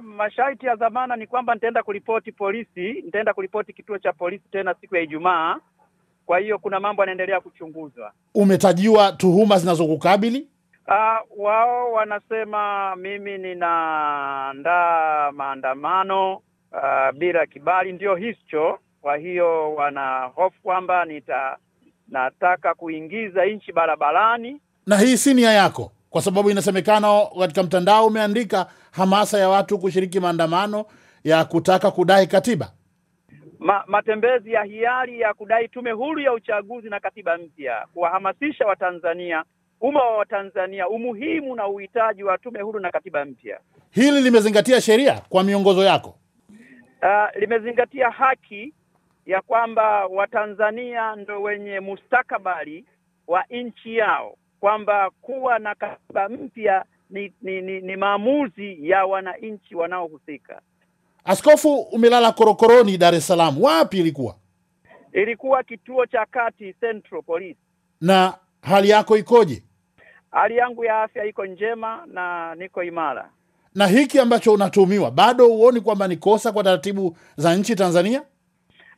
masharti ya dhamana ni kwamba nitaenda kuripoti polisi, nitaenda kuripoti kituo cha polisi tena siku ya Ijumaa. Kwa hiyo kuna mambo yanaendelea kuchunguzwa. Umetajiwa tuhuma zinazokukabili? Uh, wao wanasema mimi ninaandaa maandamano uh, bila kibali, ndio hicho. Kwa hiyo wanahofu kwamba nita nataka kuingiza nchi barabarani. Na hii si nia yako? kwa sababu inasemekana katika mtandao umeandika hamasa ya watu kushiriki maandamano ya kutaka kudai katiba Ma, matembezi ya hiari ya kudai tume huru ya uchaguzi na katiba mpya, kuwahamasisha Watanzania, umma wa Watanzania umuhimu na uhitaji wa tume huru na katiba mpya. Hili limezingatia sheria kwa miongozo yako? Uh, limezingatia haki ya kwamba Watanzania ndo wenye mustakabali wa nchi yao kwamba kuwa na katiba mpya ni, ni, ni, ni maamuzi ya wananchi wanaohusika. Askofu, umelala korokoroni Dar es Salaam, wapi ilikuwa? Ilikuwa kituo cha kati Central Police. Na hali yako ikoje? Hali yangu ya afya iko njema na niko imara. Na hiki ambacho unatuhumiwa bado huoni kwamba ni kosa kwa taratibu za nchi Tanzania?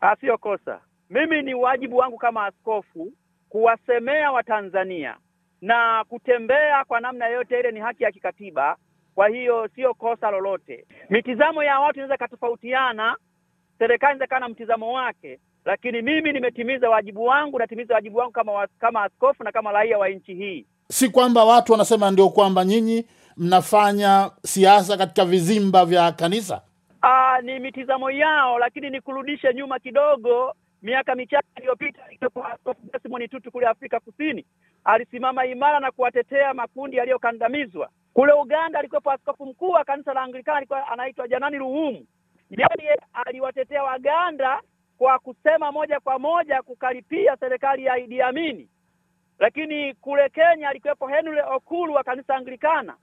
Asiyo kosa. Mimi ni wajibu wangu kama askofu kuwasemea Watanzania na kutembea kwa namna yote ile ni haki ya kikatiba. Kwa hiyo sio kosa lolote. Mitizamo ya watu inaweza ikatofautiana, serikali inaweza ikawa na mtizamo wake, lakini mimi nimetimiza wajibu wangu, natimiza wajibu wangu kama, kama askofu na kama raia wa nchi hii. Si kwamba watu wanasema ndio kwamba nyinyi mnafanya siasa katika vizimba vya kanisa. Aa, ni mitizamo yao, lakini nikurudishe nyuma kidogo, miaka michache iliyopita Simon Tutu kule Afrika Kusini alisimama imara na kuwatetea makundi yaliyokandamizwa. Kule Uganda alikuwepo askofu mkuu wa kanisa la Anglikana alikuwa anaitwa Janani Ruhumu. Yaani yeye aliwatetea Waganda kwa kusema moja kwa moja kukaripia serikali ya Idi Amini. Lakini kule Kenya alikuwepo Henry Okulu wa kanisa Anglikana.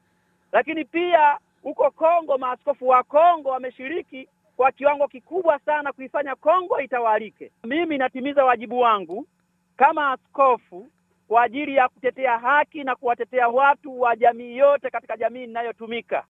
Lakini pia huko Kongo maaskofu wa Kongo wameshiriki kwa kiwango kikubwa sana kuifanya Kongo itawalike. Mimi natimiza wajibu wangu kama askofu kwa ajili ya kutetea haki na kuwatetea watu wa jamii yote katika jamii inayotumika